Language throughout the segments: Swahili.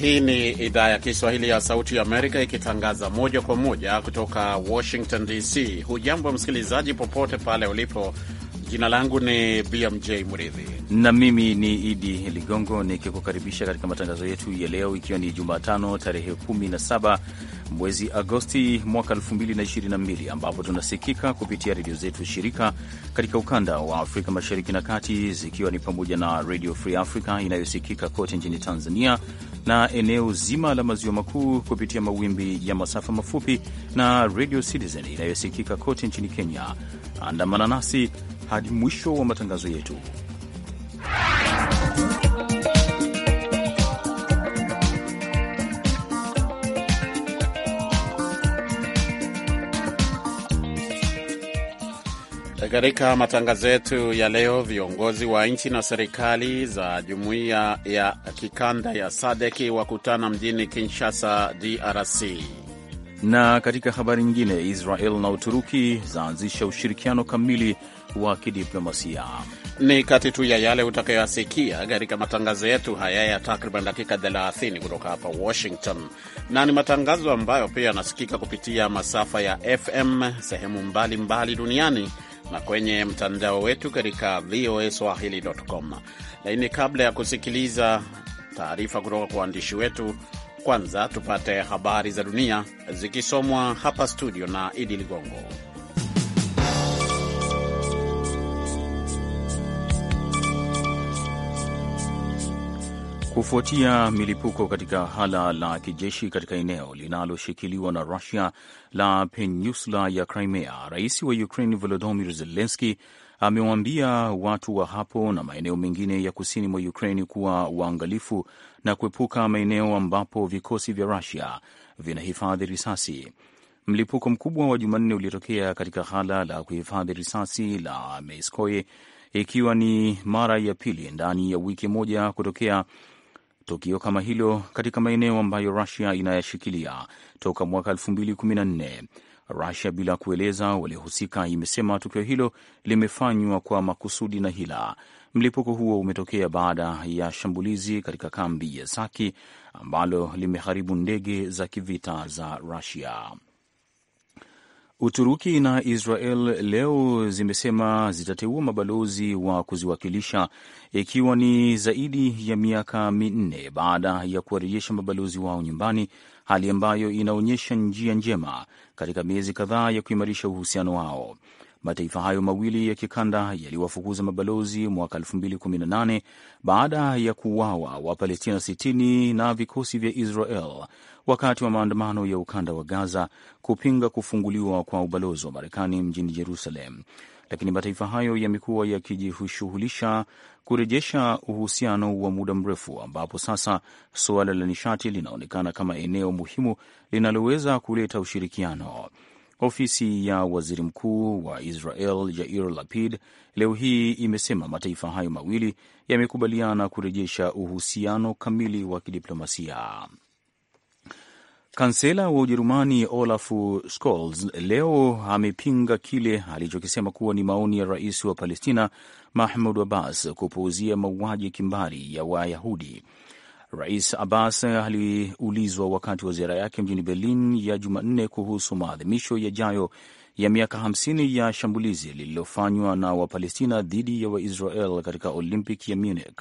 Hii ni idhaa ya Kiswahili ya Sauti ya Amerika ikitangaza moja kwa moja kutoka Washington DC. Hujambo msikilizaji, popote pale ulipo. Jina langu ni BMJ Mridhi na mimi ni Idi Ligongo nikikukaribisha katika matangazo yetu ya leo, ikiwa ni Jumatano tarehe 17 mwezi Agosti mwaka 2022, ambapo tunasikika kupitia redio zetu shirika katika ukanda wa Afrika Mashariki na Kati, zikiwa ni pamoja na Radio Free Africa inayosikika kote nchini Tanzania na eneo zima la maziwa makuu kupitia mawimbi ya masafa mafupi na Radio Citizen inayosikika kote nchini Kenya. Andamana nasi hadi mwisho wa matangazo yetu. Katika matangazo yetu ya leo, viongozi wa nchi na serikali za jumuiya ya kikanda ya SADEKI wakutana mjini Kinshasa, DRC. Na katika habari nyingine, Israel na Uturuki zaanzisha ushirikiano kamili wa kidiplomasia. Ni kati tu ya yale utakayoyasikia katika matangazo yetu haya ya takriban dakika 30 kutoka hapa Washington, na ni matangazo ambayo pia yanasikika kupitia masafa ya FM sehemu mbalimbali mbali duniani na kwenye mtandao wetu katika VOA Swahili.com. Lakini kabla ya kusikiliza taarifa kutoka kwa waandishi wetu, kwanza tupate habari za dunia zikisomwa hapa studio na Idi Ligongo. Kufuatia milipuko katika hala la kijeshi katika eneo linaloshikiliwa na Rusia la peninsula ya Crimea, rais wa Ukraine Volodymyr Zelenski amewaambia watu wa hapo na maeneo mengine ya kusini mwa Ukraine kuwa waangalifu na kuepuka maeneo ambapo vikosi vya Rusia vinahifadhi risasi. Mlipuko mkubwa wa Jumanne uliotokea katika hala la kuhifadhi risasi la Meiskoye, ikiwa ni mara ya pili ndani ya wiki moja kutokea tukio kama hilo katika maeneo ambayo Rusia inayashikilia toka mwaka 2014. Rusia bila kueleza waliohusika imesema tukio hilo limefanywa kwa makusudi na hila. Mlipuko huo umetokea baada ya shambulizi katika kambi ya Saki ambalo limeharibu ndege za kivita za Rusia. Uturuki na Israel leo zimesema zitateua mabalozi wa kuziwakilisha ikiwa ni zaidi ya miaka minne baada ya kuwarejesha mabalozi wao nyumbani, hali ambayo inaonyesha njia njema katika miezi kadhaa ya kuimarisha uhusiano wao. Mataifa hayo mawili ya kikanda yaliwafukuza mabalozi mwaka 2018 baada ya kuuawa Wapalestina 60 na vikosi vya Israel wakati wa maandamano ya ukanda wa Gaza kupinga kufunguliwa kwa ubalozi wa Marekani mjini Jerusalem. Lakini mataifa hayo yamekuwa yakijishughulisha kurejesha uhusiano wa muda mrefu, ambapo sasa suala la nishati linaonekana kama eneo muhimu linaloweza kuleta ushirikiano. Ofisi ya waziri mkuu wa Israel Yair Lapid leo hii imesema mataifa hayo mawili yamekubaliana kurejesha uhusiano kamili wa kidiplomasia. Kansela wa Ujerumani Olaf Scholz leo amepinga kile alichokisema kuwa ni maoni ya rais wa Palestina Mahmud Abbas kupuuzia mauaji kimbari ya Wayahudi Rais Abbas aliulizwa wakati wa ziara yake mjini Berlin ya Jumanne kuhusu maadhimisho yajayo ya miaka 50 ya shambulizi lililofanywa na Wapalestina dhidi ya Waisrael katika Olympic ya Munich.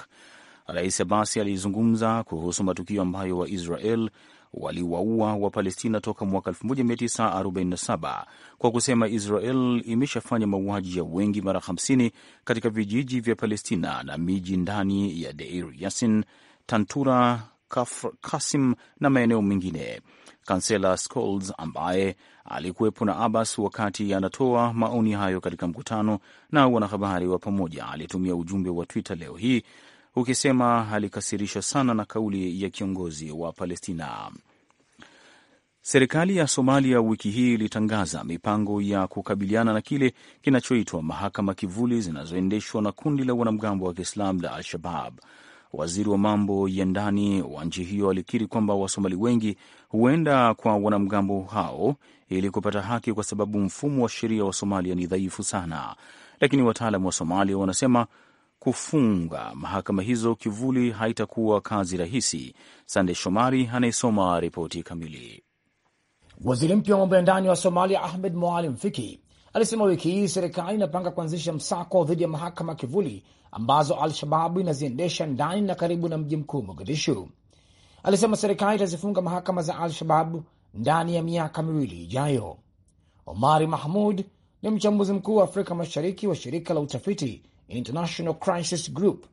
Rais Abbas alizungumza kuhusu matukio ambayo Waisrael waliwaua Wapalestina toka mwaka 1947 kwa kusema Israel imeshafanya mauaji ya wengi mara 50 katika vijiji vya Palestina na miji ndani ya Deir Yasin Tantura, Kasim na maeneo mengine. Kansela Scholz ambaye alikuwepo na Abbas wakati anatoa maoni hayo katika mkutano na wanahabari wa pamoja, alitumia ujumbe wa Twitter leo hii ukisema alikasirishwa sana na kauli ya kiongozi wa Palestina. Serikali ya Somalia wiki hii ilitangaza mipango ya kukabiliana na kile kinachoitwa mahakama kivuli zinazoendeshwa na kundi la wanamgambo wa Kiislamu la Al-Shabab. Waziri wa mambo ya ndani wa nchi hiyo alikiri kwamba Wasomali wengi huenda kwa wanamgambo hao ili kupata haki, kwa sababu mfumo wa sheria wa Somalia ni dhaifu sana. Lakini wataalamu wa Somalia wanasema kufunga mahakama hizo kivuli haitakuwa kazi rahisi. Sande Shomari anayesoma ripoti kamili. Waziri mpya wa mambo ya ndani wa Somalia Ahmed Moalim Fiki alisema wiki hii serikali inapanga kuanzisha msako dhidi ya mahakama kivuli ambazo Al-Shababu inaziendesha ndani na karibu na mji mkuu Mogadishu. Alisema serikali itazifunga mahakama za Al-Shababu ndani ya miaka miwili ijayo. Omari Mahmud ni mchambuzi mkuu wa Afrika Mashariki wa shirika la utafiti International Crisis Group.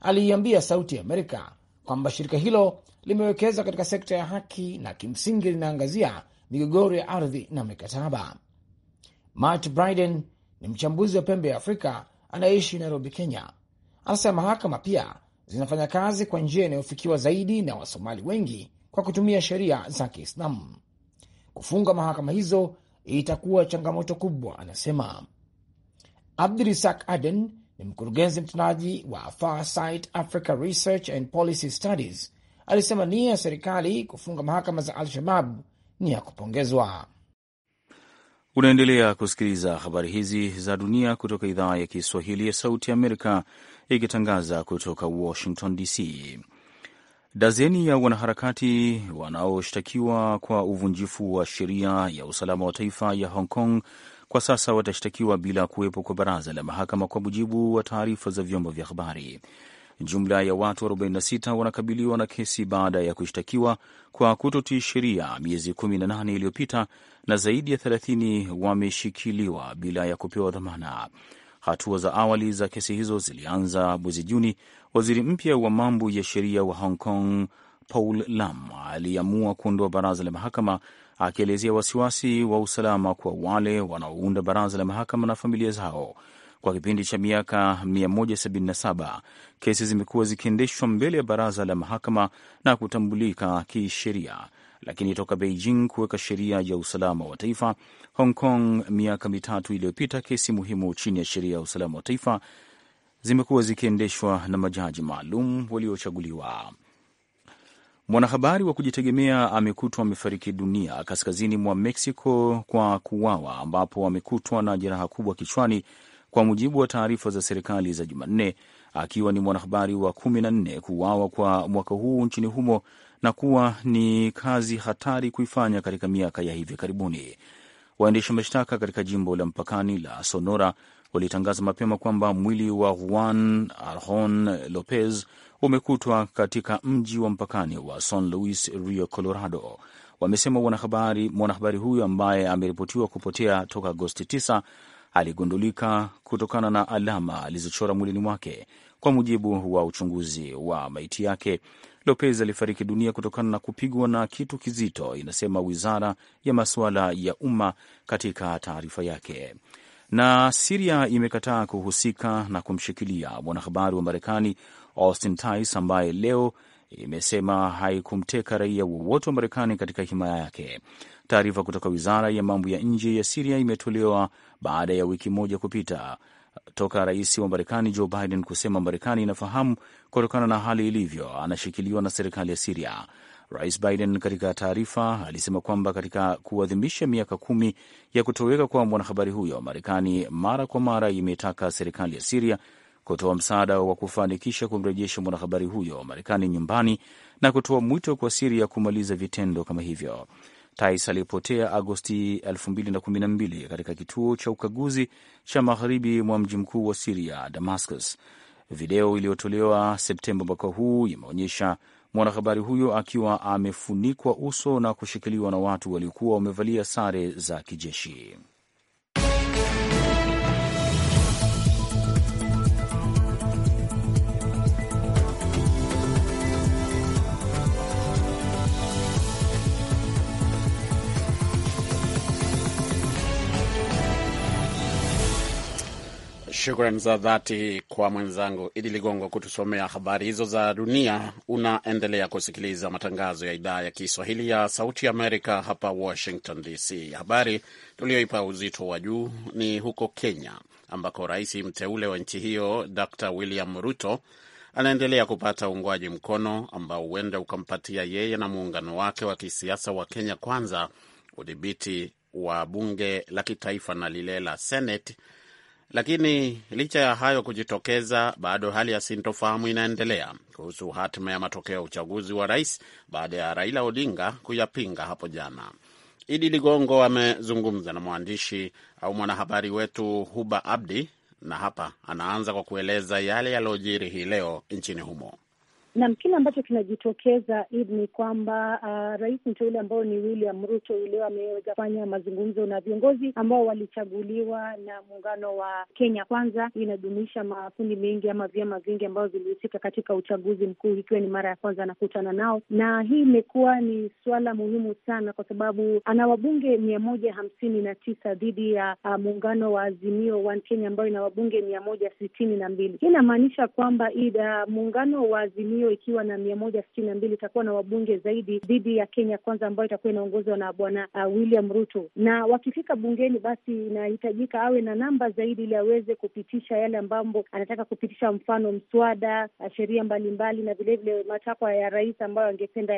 Aliiambia Sauti ya Amerika kwamba shirika hilo limewekeza katika sekta ya haki na kimsingi linaangazia migogoro ya ardhi na mikataba. Matt Bryden ni mchambuzi wa pembe ya Afrika anayeishi Nairobi, Kenya. Anasema mahakama pia zinafanya kazi kwa njia inayofikiwa zaidi na Wasomali wengi kwa kutumia sheria za Kiislamu. Kufunga mahakama hizo itakuwa changamoto kubwa, anasema. Abdurisak Aden ni mkurugenzi mtendaji wa Farsight Africa Research and Policy Studies, alisema nia ya serikali kufunga mahakama za Al-Shabab ni ya kupongezwa. Unaendelea kusikiliza habari hizi za dunia kutoka idhaa ya Kiswahili ya Sauti Amerika ikitangaza kutoka Washington DC. Dazeni ya wanaharakati wanaoshtakiwa kwa uvunjifu wa sheria ya usalama wa taifa ya Hong Kong kwa sasa watashtakiwa bila kuwepo kwa baraza la mahakama, kwa mujibu wa taarifa za vyombo vya habari. Jumla ya watu 46 wanakabiliwa na kesi baada ya kushtakiwa kwa kutotii sheria miezi 18 iliyopita, na zaidi ya 30 wameshikiliwa bila ya kupewa dhamana. Hatua za awali za kesi hizo zilianza mwezi Juni. Waziri mpya wa mambo ya sheria wa Hong Kong Paul Lam aliamua kuondoa baraza la mahakama, akielezea wasiwasi wa usalama kwa wale wanaounda baraza la mahakama na familia zao. Kwa kipindi cha miaka 177 kesi zimekuwa zikiendeshwa mbele ya baraza la mahakama na kutambulika kisheria lakini toka Beijing kuweka sheria ya usalama wa taifa Hong Kong miaka mitatu iliyopita, kesi muhimu chini ya sheria ya usalama wa taifa zimekuwa zikiendeshwa na majaji maalum waliochaguliwa. Mwanahabari wa kujitegemea amekutwa amefariki dunia kaskazini mwa Mexico kwa kuwawa, ambapo amekutwa na jeraha kubwa kichwani, kwa mujibu wa taarifa za serikali za Jumanne, akiwa ni mwanahabari wa kumi na nne kuwawa kwa mwaka huu nchini humo na kuwa ni kazi hatari kuifanya katika miaka ya hivi karibuni. Waendesha mashtaka katika jimbo la mpakani la Sonora walitangaza mapema kwamba mwili wa Juan Arjon Lopez umekutwa katika mji wa mpakani wa San Luis Rio Colorado. Wamesema mwanahabari mwanahabari huyo ambaye ameripotiwa kupotea toka Agosti 9 aligundulika kutokana na alama alizochora mwilini mwake. Kwa mujibu wa uchunguzi wa maiti yake, Lopez alifariki dunia kutokana na kupigwa na kitu kizito, inasema wizara ya masuala ya umma katika taarifa yake. Na Siria imekataa kuhusika na kumshikilia mwanahabari wa Marekani Austin Tice ambaye leo imesema haikumteka raia wowote wa Marekani katika himaya yake. Taarifa kutoka wizara ya mambo ya nje ya Siria imetolewa baada ya wiki moja kupita toka rais wa Marekani Joe Biden kusema Marekani inafahamu kutokana na hali ilivyo, anashikiliwa na serikali ya Siria. Rais Biden katika taarifa alisema kwamba katika kuadhimisha miaka kumi ya kutoweka kwa mwanahabari huyo, Marekani mara kwa mara imetaka serikali ya Siria kutoa msaada wa kufanikisha kumrejesha mwanahabari huyo Marekani nyumbani na kutoa mwito kwa Siria kumaliza vitendo kama hivyo. Tais alipotea Agosti 2012 katika kituo cha ukaguzi cha magharibi mwa mji mkuu wa Siria, Damascus. Video iliyotolewa Septemba mwaka huu imeonyesha mwanahabari huyo akiwa amefunikwa uso na kushikiliwa na watu waliokuwa wamevalia sare za kijeshi. shukran za dhati kwa mwenzangu Idi Ligongo kutusomea habari hizo za dunia. Unaendelea kusikiliza matangazo ya idhaa ya Kiswahili ya Sauti Amerika hapa Washington DC. Habari tuliyoipa uzito wa juu ni huko Kenya, ambako rais mteule wa nchi hiyo Dr William Ruto anaendelea kupata uungwaji mkono ambao huenda ukampatia yeye na muungano wake wa kisiasa wa Kenya Kwanza udhibiti wa bunge la kitaifa na lile la Senate lakini licha ya hayo kujitokeza, bado hali ya sintofahamu inaendelea kuhusu hatima ya matokeo ya uchaguzi wa rais baada ya Raila Odinga kuyapinga hapo jana. Idi Ligongo amezungumza na mwandishi au mwanahabari wetu Huba Abdi, na hapa anaanza kwa kueleza yale yaliyojiri hii leo nchini humo. Nam, kile ambacho kinajitokeza id ni kwamba uh, rais mteule ambao ni William Ruto leo ameweza kufanya mazungumzo na viongozi ambao walichaguliwa na muungano wa Kenya Kwanza. inajumuisha makundi mengi ama vyama vingi ambavyo vilihusika katika uchaguzi mkuu, ikiwa ni mara ya kwanza anakutana nao, na hii imekuwa ni suala muhimu sana kwa sababu ana wabunge mia moja hamsini na tisa dhidi ya uh, muungano wa Azimio One Kenya ambayo ina wabunge mia moja sitini na mbili. Hii inamaanisha kwamba uh, muungano wa Azimio hiyo ikiwa na mia moja sitini na mbili itakuwa na wabunge zaidi dhidi ya Kenya Kwanza ambayo itakuwa inaongozwa na bwana uh, William Ruto, na wakifika bungeni, basi inahitajika awe na namba zaidi ili aweze kupitisha yale ambambo anataka kupitisha, mfano mswada, uh, sheria mbalimbali na vilevile matakwa ya rais ambayo angependa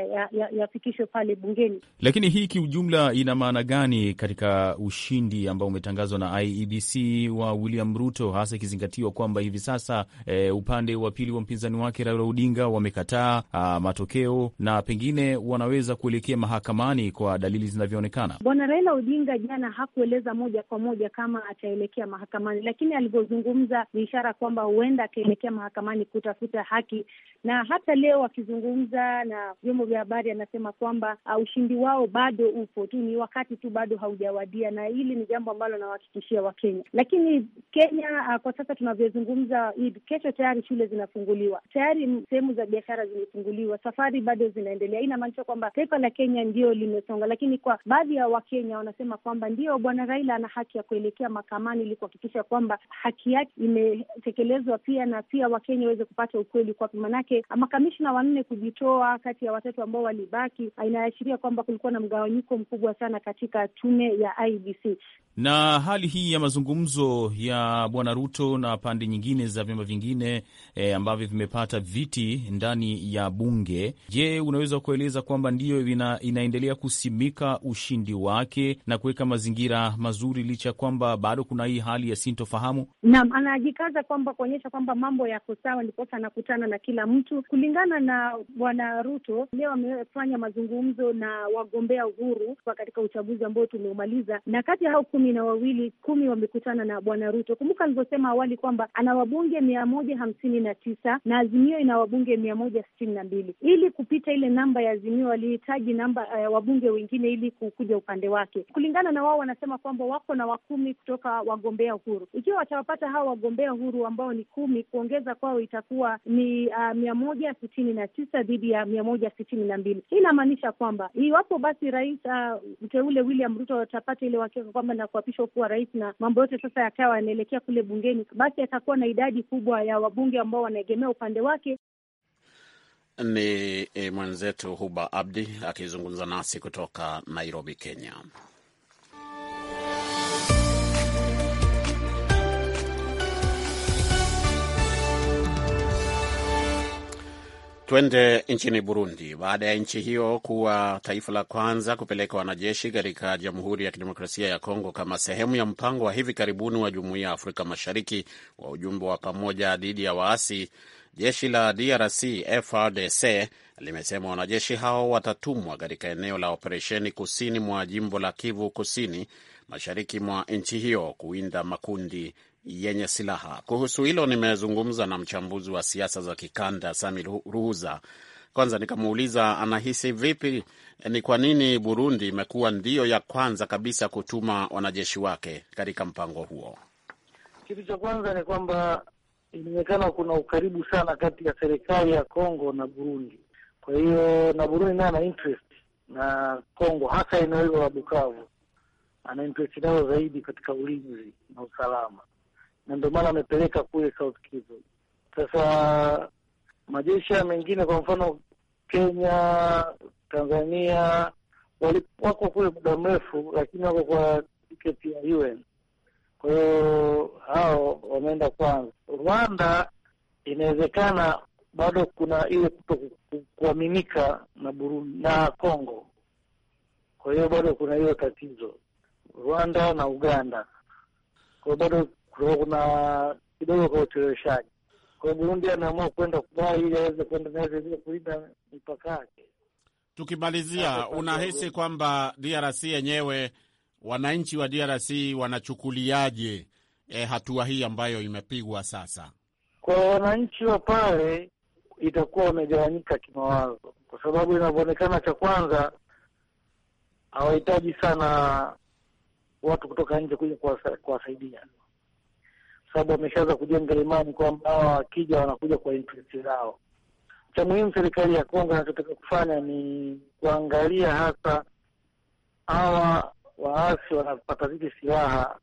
yafikishwe ya, ya pale bungeni. Lakini hii kiujumla ina maana gani katika ushindi ambao umetangazwa na IEBC wa William Ruto, hasa ikizingatiwa kwamba hivi sasa eh, upande wa pili wa mpinzani wake Raila Odinga wamekataa ah, matokeo na pengine wanaweza kuelekea mahakamani kwa dalili zinavyoonekana. Bwana Raila Odinga jana hakueleza moja kwa moja kama ataelekea mahakamani, lakini alivyozungumza ni ishara kwamba huenda akaelekea mahakamani kutafuta haki. Na hata leo akizungumza na vyombo vya habari, anasema kwamba uh, ushindi wao bado upo tu, ni wakati tu bado haujawadia, na hili ni jambo ambalo nawahakikishia Wakenya. Lakini Kenya uh, kwa sasa tunavyozungumza, kesho tayari shule zinafunguliwa, tayari sehemu za biashara zimefunguliwa, safari bado zinaendelea. hii Inamaanisha kwamba taifa la Kenya ndio limesonga, lakini kwa baadhi ya Wakenya wanasema kwamba ndio bwana Raila ana haki ya kuelekea mahakamani ili kuhakikisha kwamba haki yake imetekelezwa, pia na pia Wakenya waweze kupata ukweli kwapi, manake makamishna wanne kujitoa kati ya watatu ambao walibaki, inaashiria kwamba kulikuwa na mgawanyiko mkubwa sana katika tume ya IBC na hali hii ya mazungumzo ya bwana Ruto na pande nyingine za vyama vingine e, ambavyo vimepata viti ndani ya bunge. Je, unaweza kueleza kwamba ndiyo ina, inaendelea kusimika ushindi wake na kuweka mazingira mazuri licha ya kwamba bado kuna hii hali ya sintofahamu? Naam, anajikaza kwamba kuonyesha kwamba mambo yako sawa, ndiposa anakutana na kila mtu. Kulingana na Bwana Ruto, leo amefanya mazungumzo na wagombea uhuru kwa katika uchaguzi ambao tumeumaliza, na kati ya hao kumi na wawili, kumi wamekutana na Bwana Ruto. Kumbuka alivyosema awali kwamba ana wabunge mia moja hamsini na tisa na Azimio ina wabunge mia moja sitini na mbili. Ili kupita ile namba ya Azimio walihitaji namba ya eh, wabunge wengine ili kukuja upande wake. Kulingana na wao, wanasema kwamba wako na wakumi kutoka wagombea huru. Ikiwa watawapata hao wagombea huru ambao ni kumi, kuongeza kwao itakuwa ni uh, mia moja sitini na tisa dhidi ya mia moja sitini na mbili. Hii inamaanisha kwamba iwapo basi rais ah, mteule uh, William Ruto atapata ile wakika kwamba na kuapishwa kuwa rais na mambo yote sasa yakawa yanaelekea kule bungeni, basi atakuwa na idadi kubwa ya wabunge ambao wanaegemea upande wake. Ni e, mwenzetu Huba Abdi akizungumza nasi kutoka Nairobi, Kenya. Twende nchini Burundi. Baada ya nchi hiyo kuwa taifa la kwanza kupeleka wanajeshi katika Jamhuri ya Kidemokrasia ya Kongo kama sehemu ya mpango wa hivi karibuni wa Jumuiya ya Afrika Mashariki wa ujumbe wa pamoja dhidi ya waasi Jeshi la DRC FRDC limesema wanajeshi hao watatumwa katika eneo la operesheni kusini mwa jimbo la Kivu Kusini, mashariki mwa nchi hiyo kuinda makundi yenye silaha. Kuhusu hilo nimezungumza na mchambuzi wa siasa za kikanda Sami Ruhuza. Kwanza nikamuuliza anahisi vipi ni kwa nini Burundi imekuwa ndiyo ya kwanza kabisa kutuma wanajeshi wake katika mpango huo. Kitu cha kwanza ni kwamba inaonekana kuna ukaribu sana kati ya serikali ya Kongo na Burundi. Kwa hiyo na Burundi naye ana interest na Kongo, hasa eneo hilo la Bukavu, ana interest nayo zaidi katika ulinzi na usalama, na ndio maana amepeleka kule South Kivu. Sasa majeshi mengine kwa mfano Kenya, Tanzania wali- wako kule muda mrefu, lakini wako kwa tiketi ya UN kwa hiyo hao wameenda kwanza. Rwanda inawezekana bado kuna ile kuto kuaminika na Burundi na Kongo, kwa hiyo bado kuna hiyo tatizo Rwanda na Uganda, kwa hiyo bado kuna kidogo kwa ucheleweshaji. Kwa hiyo Burundi ameamua kwenda kubaa ili aweze kwenda naweza kulinda mipaka yake. Tukimalizia, unahisi kwamba DRC yenyewe wananchi wa DRC wanachukuliaje eh, hatua hii ambayo imepigwa sasa? Kwa wananchi wa pale itakuwa wamegawanyika kimawazo, kwa sababu inavyoonekana, cha kwanza hawahitaji sana watu kutoka nje kuja kuwasaidia, kwa sababu wameshaanza kujenga imani kwamba hawa wakija wanakuja kwa interest zao. Cha muhimu serikali ya Kongo inachotaka kufanya ni kuangalia hasa hawa waasi wanapata zile silaha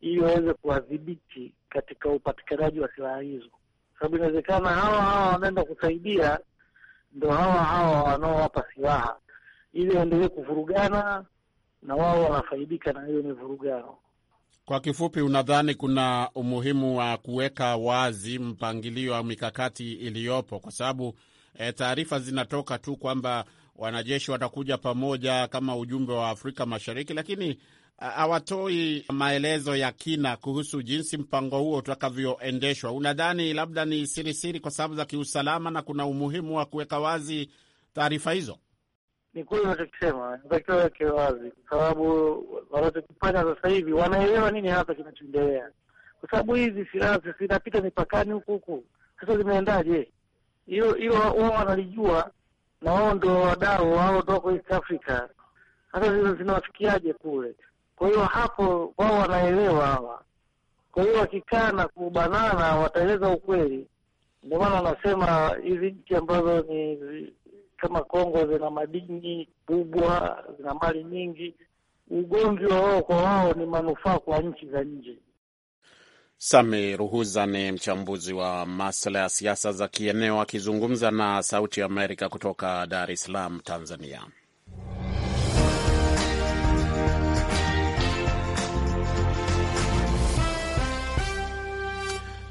ili waweze kuwadhibiti katika upatikanaji wa silaha hizo, sababu inawezekana hawa hawa wanaenda kusaidia, ndo hawa hawa wanaowapa silaha ili waendelee kuvurugana na wao wanafaidika na hiyo mivurugano. Kwa kifupi, unadhani kuna umuhimu wa kuweka wazi mpangilio au mikakati iliyopo, kwa sababu e, taarifa zinatoka tu kwamba wanajeshi watakuja pamoja kama ujumbe wa Afrika Mashariki, lakini uh, hawatoi maelezo ya kina kuhusu jinsi mpango huo utakavyoendeshwa. Unadhani labda ni sirisiri kwa sababu za kiusalama na kuna umuhimu wa kuweka wazi taarifa hizo? Ni kweli unachokisema, inatakiwa weke wazi, kwa sababu wanachokifanya sasa hivi wanaelewa nini hasa kinachoendelea, kwa sababu hizi silaha zinapita mipakani huku huku, sasa zimeendaje? Hilo wao wanalijua na wao ndio wadau wao toko East Africa, hata zile zinawafikiaje kule? Kwa hiyo hapo wao wanaelewa hawa, kwa hiyo wakikaa na kubanana wataeleza ukweli. Ndio maana wanasema hizi nchi ambazo ni kama Kongo zina madini kubwa, zina mali nyingi, ugomvi wa wao kwa wao ni manufaa kwa nchi za nje. Sami Ruhuza ni mchambuzi wa masuala ya siasa za kieneo akizungumza na Sauti ya Amerika kutoka Dar es Salaam, Tanzania.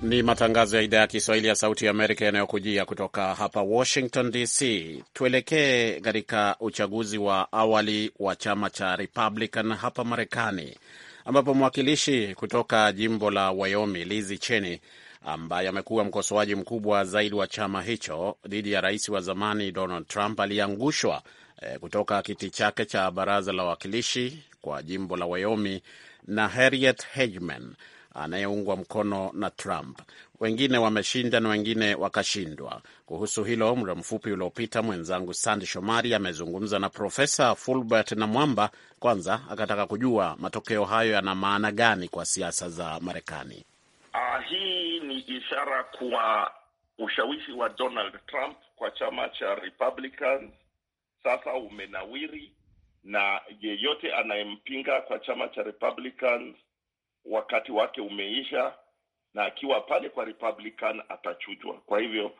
Ni matangazo ya idhaa ya Kiswahili ya Sauti ya Amerika yanayokujia kutoka hapa Washington DC. Tuelekee katika uchaguzi wa awali wa chama cha Republican hapa Marekani ambapo mwakilishi kutoka jimbo la Wyoming Lizi Cheney ambaye amekuwa mkosoaji mkubwa zaidi wa chama hicho dhidi ya rais wa zamani Donald Trump aliangushwa eh, kutoka kiti chake cha baraza la wawakilishi kwa jimbo la Wyoming na Harriet hegman anayeungwa mkono na Trump. Wengine wameshinda na wengine wakashindwa. Kuhusu hilo, muda mfupi uliopita, mwenzangu Sandi Shomari amezungumza na Profesa Fulbert na Mwamba. Kwanza akataka kujua matokeo hayo yana maana gani kwa siasa za Marekani. Uh, hii ni ishara kuwa ushawishi wa Donald Trump kwa chama cha Republican sasa umenawiri, na yeyote anayempinga kwa chama cha Republicans wakati wake umeisha, na akiwa pale kwa Republican atachujwa. Kwa hivyo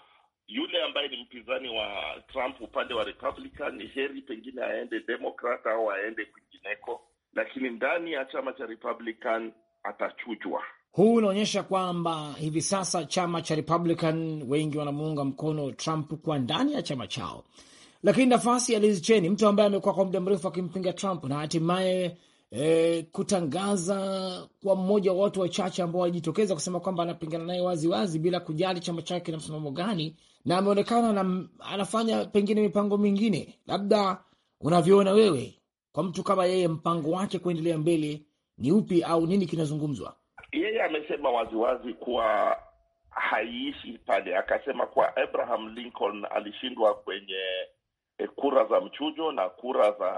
yule ambaye ni mpinzani wa Trump upande wa Republican ni heri pengine aende Democrat au aende kwingineko, lakini ndani ya chama cha Republican atachujwa. Huu unaonyesha kwamba hivi sasa chama cha Republican wengi wanamuunga mkono Trump kwa ndani ya chama chao, lakini nafasi ya Liz Cheney, mtu ambaye amekuwa kwa muda mrefu akimpinga Trump na hatimaye e, kutangaza kwa mmoja wa watu wachache ambao walijitokeza kusema kwamba anapingana naye waziwazi bila kujali chama chake kina msimamo gani, na ameonekana anafanya pengine mipango mingine. Labda unavyoona wewe, kwa mtu kama yeye, mpango wake kuendelea mbele ni upi au nini kinazungumzwa? Yeye amesema waziwazi kuwa haiishi pale. Akasema kuwa Abraham Lincoln alishindwa kwenye eh, kura za mchujo na kura za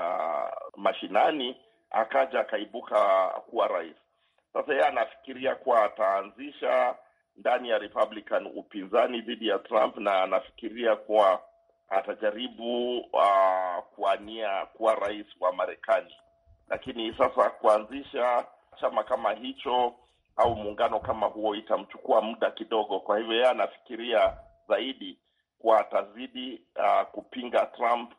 mashinani akaja akaibuka kuwa rais. Sasa yeye anafikiria kuwa ataanzisha ndani ya Republican upinzani dhidi ya Trump, na anafikiria kuwa atajaribu uh, ah, kuania kuwa rais wa Marekani. Lakini sasa kuanzisha chama kama hicho au muungano kama huo itamchukua muda kidogo. Kwa hivyo yeye anafikiria zaidi kuwa atazidi uh, kupinga Trump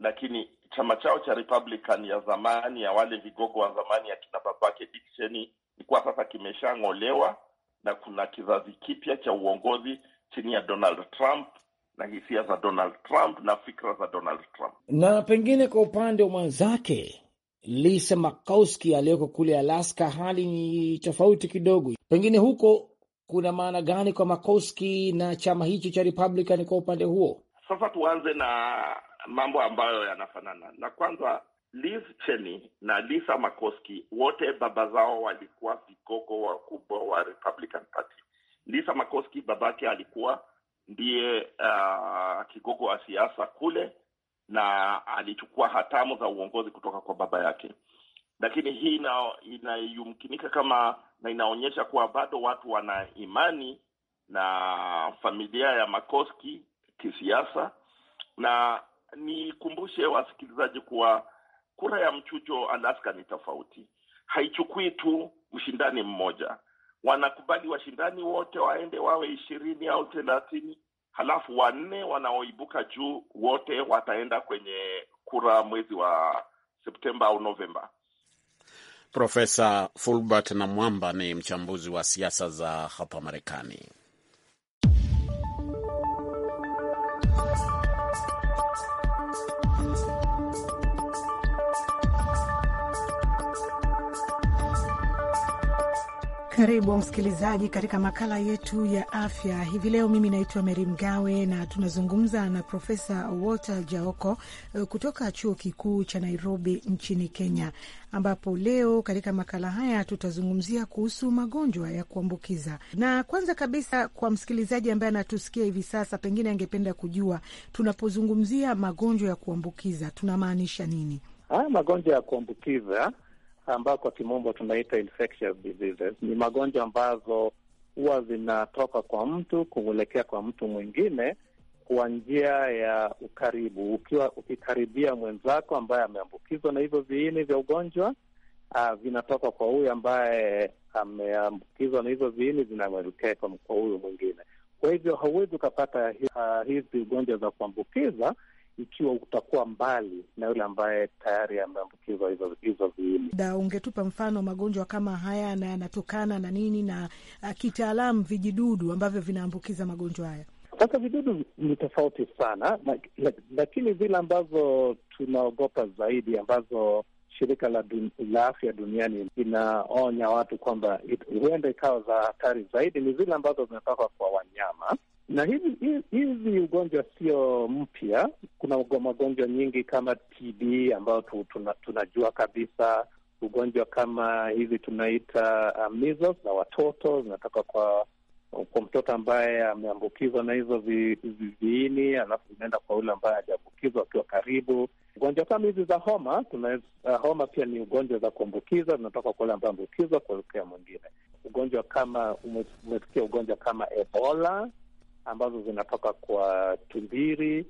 lakini chama chao cha Republican ya zamani ya wale vigogo wa zamani ya kina babake Dickson ni kuwa sasa kimeshang'olewa na kuna kizazi kipya cha uongozi chini ya Donald Trump na hisia za Donald Trump na fikra za Donald Trump. Na pengine kwa upande wa mwenzake Lisa makowski aliyoko kule Alaska, hali ni tofauti kidogo. Pengine huko kuna maana gani kwa Makowski na chama hicho cha Republican kwa upande huo? Sasa tuanze na mambo ambayo yanafanana. Na kwanza, Liz Cheney na Lisa makoski wote baba zao walikuwa vigogo wakubwa wa Republican Party. Lisa makoski babake alikuwa ndiye uh, kigogo wa siasa kule na alichukua hatamu za uongozi kutoka kwa baba yake, lakini hii ina, inayumkinika kama na inaonyesha kuwa bado watu wana imani na familia ya Makoski kisiasa, na nikumbushe wasikilizaji kuwa kura ya mchujo Alaska ni tofauti, haichukui tu mshindani mmoja, wanakubali washindani wote waende wawe ishirini au thelathini, halafu wanne wanaoibuka juu wote wataenda kwenye kura mwezi wa Septemba au Novemba. Profesa Fulbert Namwamba ni mchambuzi wa siasa za hapa Marekani. Karibu msikilizaji katika makala yetu ya afya hivi leo. Mimi naitwa Meri Mgawe na tunazungumza na Profesa Walter Jaoko eh, kutoka chuo kikuu cha Nairobi nchini Kenya, ambapo leo katika makala haya tutazungumzia kuhusu magonjwa ya kuambukiza. Na kwanza kabisa, kwa msikilizaji ambaye anatusikia hivi sasa, pengine angependa kujua tunapozungumzia magonjwa ya kuambukiza tunamaanisha nini? Haya magonjwa ya kuambukiza ambayo kwa kimombo tunaita infectious diseases. Ni magonjwa ambazo huwa zinatoka kwa mtu kumwelekea kwa mtu mwingine kwa njia ya ukaribu, ukiwa ukikaribia mwenzako ambaye ameambukizwa na hivyo viini vya ugonjwa uh, vinatoka kwa huyu ambaye ameambukizwa na hivyo viini vinamwelekea kwa huyu mwingine. Kwa hivyo hauwezi ukapata uh, hizi ugonjwa za kuambukiza ikiwa utakuwa mbali na yule ambaye tayari ameambukizwa hizo viini. Da, ungetupa mfano magonjwa kama haya na yanatokana na nini, na uh, kitaalamu vijidudu ambavyo vinaambukiza magonjwa haya? Sasa vidudu ni tofauti sana, lakini zile ambazo tunaogopa zaidi ambazo shirika la, dun, la afya duniani inaonya watu kwamba huenda ikawa za hatari zaidi ni zile ambazo zinatoka kwa wanyama na hivi hizi ugonjwa sio mpya. Kuna magonjwa nyingi kama TB ambayo tuna, tunajua kabisa. Ugonjwa kama hizi tunaita uh, measles za watoto zinatoka kwa kwa mtoto ambaye ameambukizwa na hizo vi, viini alafu zinaenda kwa yule ambaye hajaambukizwa akiwa karibu. Ugonjwa kama hizi za homa tuna, uh, homa pia ni ugonjwa za kuambukiza, zinatoka kwa yule ambaye ambukizwa kuelekea mwingine. Ugonjwa kama umesikia ugonjwa kama Ebola ambazo zinatoka kwa tumbiri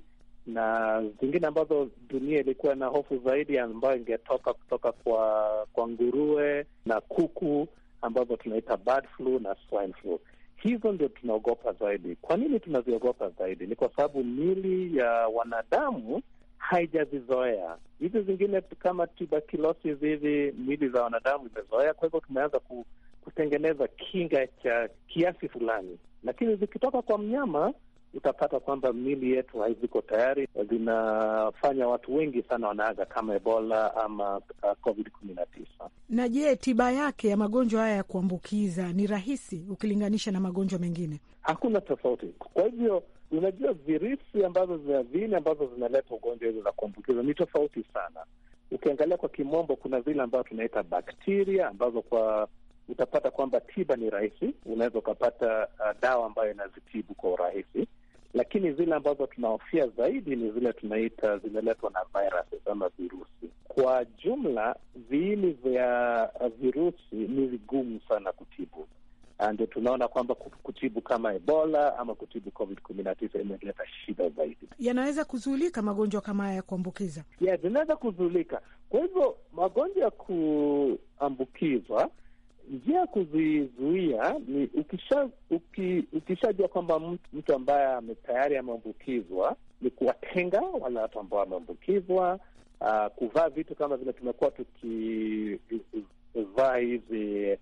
na zingine ambazo dunia ilikuwa na hofu zaidi ambayo ingetoka kutoka kwa kwa nguruwe na kuku ambazo tunaita bird flu na swine flu. Hizo ndio tunaogopa zaidi. Kwa nini tunaziogopa zaidi? Ni kwa sababu mili ya wanadamu haijazizoea hizi zingine, kama tuberculosis hivi, mili za wanadamu imezoea. Kwa hivyo tumeanza ku, kutengeneza kinga cha kiasi fulani lakini zikitoka kwa mnyama utapata kwamba mili yetu haziko tayari, zinafanya watu wengi sana wanaaga kama Ebola ama uh, Covid kumi na tisa. Na je, tiba yake ya magonjwa haya ya kuambukiza ni rahisi ukilinganisha na magonjwa mengine? Hakuna tofauti. Kwa hivyo unajua, virusi ambazo zina vile ambazo zinaleta ugonjwa hizo za kuambukiza ni tofauti sana. Ukiangalia kwa kimombo, kuna vile ambazo tunaita bakteria ambazo kwa utapata kwamba tiba ni rahisi, unaweza ukapata uh, dawa ambayo inazitibu kwa urahisi, lakini zile ambazo tunahofia zaidi ni zile tunaita zimeletwa na viruses ama virusi. Kwa jumla, viini vya virusi ni vigumu sana kutibu, ah, ndio tunaona kwamba kutibu kama Ebola ama kutibu Covid kumi na tisa imeleta shida zaidi. Yanaweza kuzuilika magonjwa kama haya ya kuambukiza, yeah, zinaweza kuzuilika. Kwa hivyo magonjwa ya kuambukizwa njia ya kuzizuia ni ukisha uki, ukishajua kwamba mtu ambaye tayari ameambukizwa ni kuwatenga wale watu ambao wameambukizwa. Uh, kuvaa vitu kama vile tumekuwa tukivaa hizi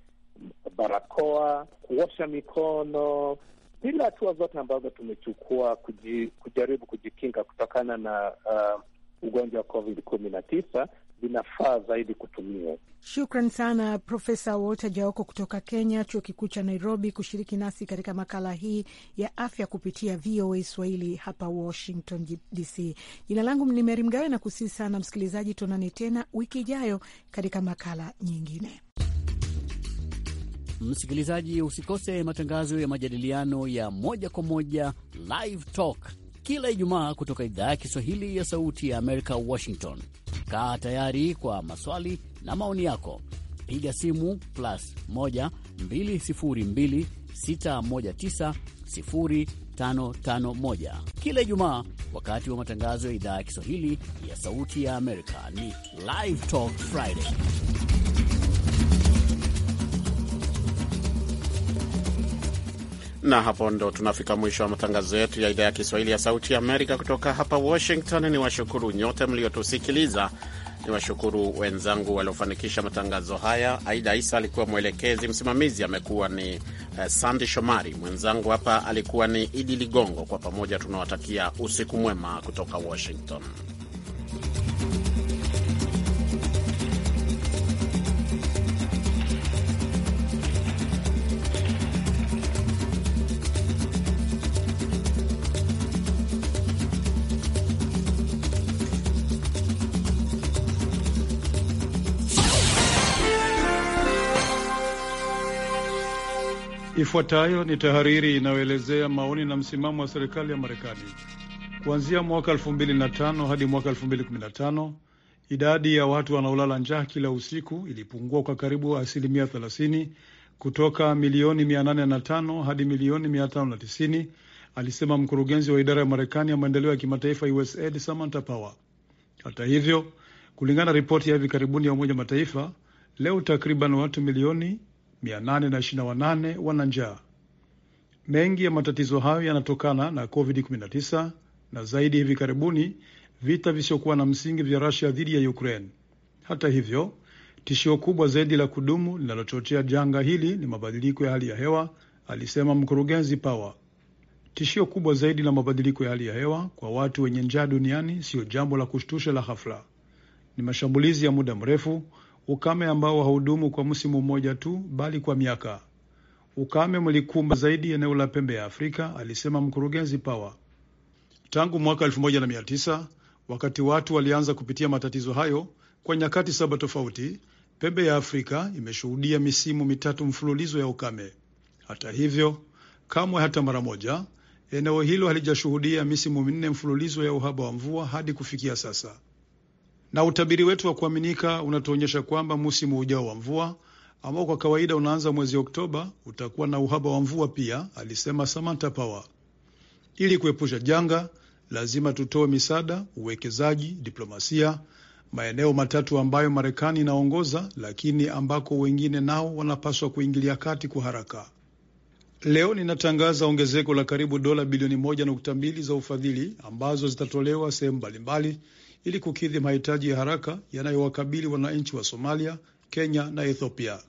barakoa, kuosha mikono, zile hatua zote ambazo tumechukua kuji, kujaribu kujikinga kutokana na uh, ugonjwa wa COVID kumi na tisa vinafaa zaidi kutumiwa. Shukran sana Profesa Walter Jaoko kutoka Kenya, chuo kikuu cha Nairobi, kushiriki nasi katika makala hii ya afya kupitia VOA Swahili hapa Washington DC. Jina langu ni Meri Mgawe na kusihi sana msikilizaji, tuonane tena wiki ijayo katika makala nyingine. Msikilizaji, usikose matangazo ya majadiliano ya moja kwa moja, Live Talk, kila Ijumaa kutoka idhaa ya Kiswahili ya Sauti ya Amerika, Washington. Kaa tayari kwa maswali na maoni yako, piga simu plus 1 kila Ijumaa wakati wa matangazo ya idhaa ya Kiswahili ya Sauti ya Amerika. Ni Live Talk Friday. Na hapo ndo tunafika mwisho wa matangazo yetu ya idhaa ya Kiswahili ya Sauti Amerika kutoka hapa Washington. Ni washukuru nyote mliotusikiliza, ni washukuru wenzangu waliofanikisha matangazo haya. Aida Isa alikuwa mwelekezi, msimamizi amekuwa ni uh, Sandi Shomari, mwenzangu hapa alikuwa ni Idi Ligongo. Kwa pamoja tunawatakia usiku mwema kutoka Washington. Ifuatayo ni tahariri inayoelezea maoni na msimamo wa serikali ya Marekani. Kuanzia mwaka 2005 hadi mwaka 2015 idadi ya watu wanaolala njaa kila usiku ilipungua kwa karibu asilimia 30 kutoka milioni 805 hadi milioni 590, alisema mkurugenzi wa idara ya Marekani ya maendeleo ya kimataifa USAID Samantha Power. Hata hivyo, kulingana na ripoti ya hivi karibuni ya Umoja Mataifa, leo takriban watu milioni 828 wana njaa. Mengi ya matatizo hayo yanatokana na COVID-19 na zaidi hivi karibuni vita visiokuwa na msingi vya Russia dhidi ya Ukraine. Hata hivyo, tishio kubwa zaidi la kudumu linalochochea janga hili ni mabadiliko ya hali ya hewa, alisema mkurugenzi Power. Tishio kubwa zaidi la mabadiliko ya hali ya hewa kwa watu wenye njaa duniani siyo jambo la kushtusha la ghafla, ni mashambulizi ya muda mrefu ukame ambao haudumu kwa msimu mmoja tu bali kwa miaka. Ukame mlikumba zaidi eneo la pembe ya Afrika, alisema mkurugenzi Power. Tangu mwaka 1900 wakati watu walianza kupitia matatizo hayo kwa nyakati saba tofauti, pembe ya Afrika imeshuhudia misimu mitatu mfululizo ya ukame. Hata hivyo, kamwe hata mara moja eneo hilo halijashuhudia misimu minne mfululizo ya uhaba wa mvua hadi kufikia sasa na utabiri wetu wa kuaminika unatuonyesha kwamba msimu ujao wa mvua ambao kwa kawaida unaanza mwezi Oktoba utakuwa na uhaba wa mvua pia, alisema Samantha Power. Ili kuepusha janga, lazima tutoe misaada, uwekezaji, diplomasia, maeneo matatu ambayo Marekani inaongoza, lakini ambako wengine nao wanapaswa kuingilia kati kwa haraka. Leo ninatangaza ongezeko la karibu dola bilioni 1.2 za ufadhili ambazo zitatolewa sehemu mbalimbali ili kukidhi mahitaji ya haraka yanayowakabili wananchi wa Somalia, Kenya na Ethiopia.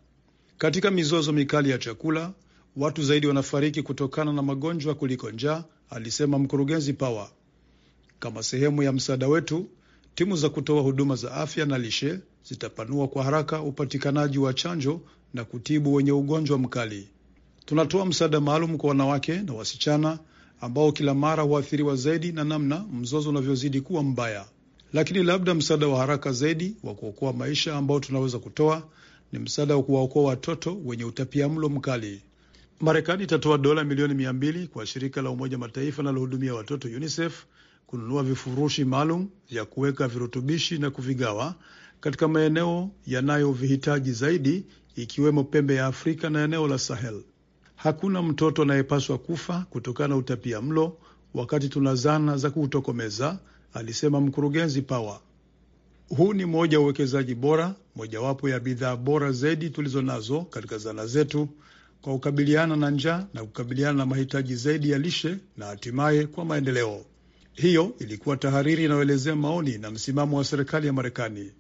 Katika mizozo mikali ya chakula, watu zaidi wanafariki kutokana na magonjwa kuliko njaa, alisema mkurugenzi Power. Kama sehemu ya msaada wetu, timu za kutoa huduma za afya na lishe zitapanua kwa haraka upatikanaji wa chanjo na kutibu wenye ugonjwa mkali. Tunatoa msaada maalum kwa wanawake na wasichana ambao kila mara huathiriwa zaidi na namna mzozo unavyozidi kuwa mbaya lakini labda msaada wa haraka zaidi wa kuokoa maisha ambao tunaweza kutoa ni msaada wa kuwaokoa watoto wenye utapiamlo mkali. Marekani itatoa dola milioni mia mbili kwa shirika la Umoja Mataifa linalohudumia watoto UNICEF kununua vifurushi maalum vya kuweka virutubishi na kuvigawa katika maeneo yanayovihitaji zaidi ikiwemo pembe ya Afrika na eneo la Sahel. Hakuna mtoto anayepaswa kufa kutokana na utapia mlo, wakati tuna zana za kuutokomeza alisema mkurugenzi Power. Huu ni moja wa uwekezaji bora, mojawapo ya bidhaa bora zaidi tulizo nazo katika zana zetu kwa kukabiliana na njaa na kukabiliana na mahitaji zaidi ya lishe na hatimaye kwa maendeleo. Hiyo ilikuwa tahariri inayoelezea maoni na msimamo wa serikali ya Marekani.